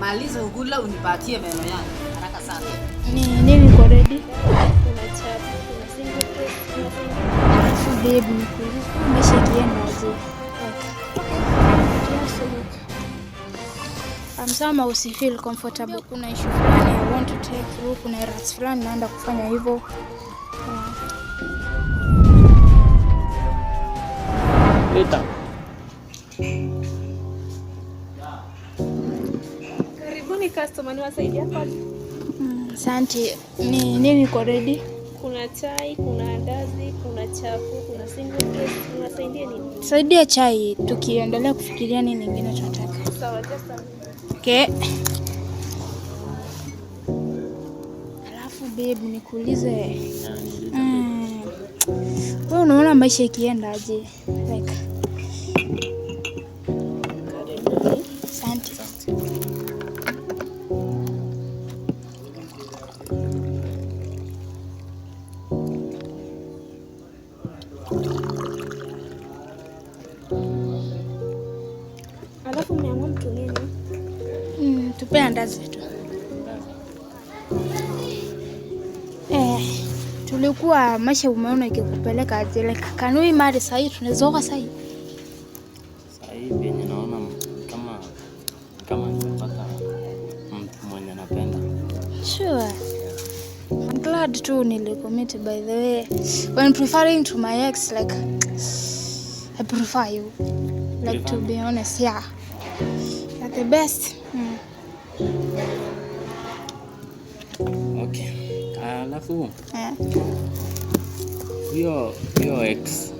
Maliza ugula unipatie meno yangu haraka sana. Ni nini kwa ready? Kuna chapu, kuna kuna feel comfortable. Kuna issue fulani I want to take through, kuna rats fulani naenda kufanya hivyo. Leta. Asante. Mm, ni nini kwa ready? Kuna chai, kuna andazi, kuna chafu, kuna single place, tunasaidia nini? Saidia chai tukiendelea kufikiria nini nyingine tunataka. Sawa, just a minute. Okay. Alafu babe, nikuulize. Mm. Wewe unaona maisha ikienda aje? ikiendaje? kitu Mm, tupe andazi tu. Eh, tulikuwa maisha umeona ikikupeleka zile kanui mali sahii tunazoka sahii. Sahii penye naona kama kama nimepata mtu mwenye napenda. Sure. I'm glad tu nilikomit by the way. When preferring to my ex like I prefer you. Like to be honest, yeah. The best. Mm. Okay. Alafu hiyo hiyo ex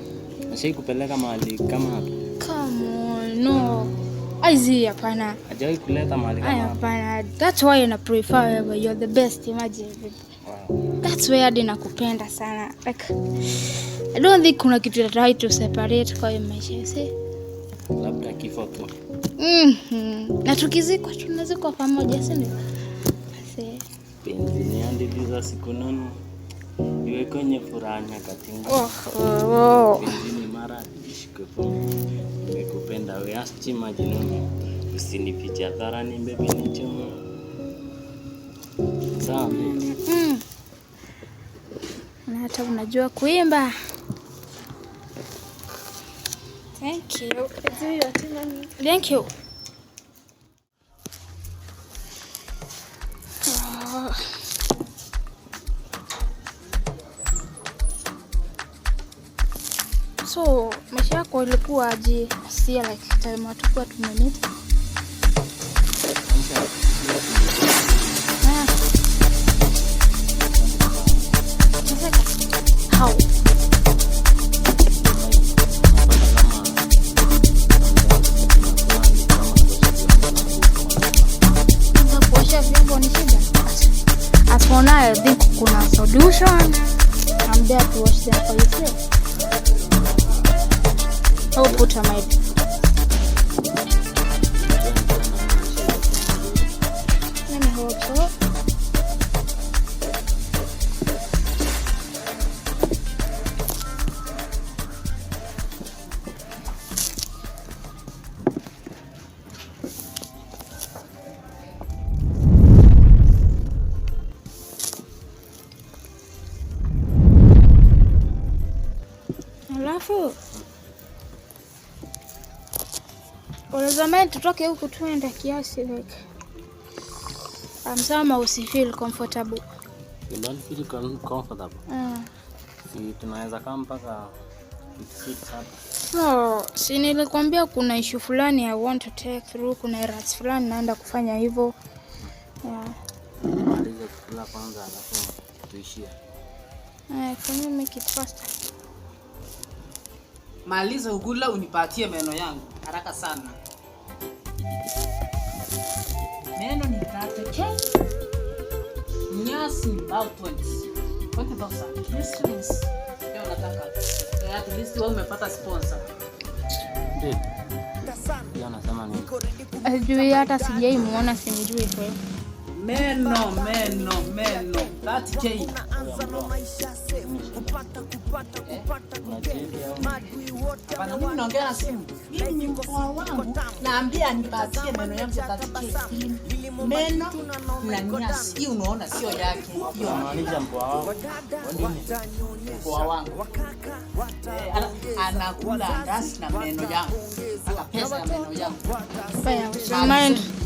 ashai kupeleka mahali kama Come on, no. Aizi, hapana. Hajawahi kuleta mahali kama hapo. Hapana. That's why I prefer you. You're the best. Imagine. Wow. That's why I nakupenda sana. Like I don't think kuna kitu that try to separate kwa maisha, you see? labda kifo tu. mm -hmm. Na tukizikwa tunazikwa pamoja, si ndio? Penzi niandiliza siku nono iwe kwenye furaha nyakati oh, oh, oh. Penzini mara ishike nimekupenda we asti majinuni usinifiche hadharani bebi nichomo sawa. mm. Na hata unajua kuimba Thank you. Thank you. So maisha yako ilikuwa aje? Sia like time watu kwa tumemeet Mona, I think kuna solution. I'm there to watch them for you say. put a mic. Let me hold up. Alafu unazamani tutoke huku tuenda kiasi like. I'm somehow feel comfortable. You don't feel comfortable. Mm. Si tunaweza kama mpaka No, oh, si nilikwambia kuna issue fulani I want to take through, kuna errands fulani naenda kufanya hivyo. Yeah. kwanza alafu tuishie. Eh, can you make it faster? maliza ugula unipatie meno yangu haraka sana. Meno ni kate nyasi ni about 20 Sijui hata sijai muona, simjui kweli meno meno meno 30k naongea na simu. Mimi wangu naambia nipatie meno yangu 30 Meno na unaona sio yake. Hiyo maanisha wangu. wangu. Eh, anakula ndasi na meno yangu. Pesa ya meno yangu. mind.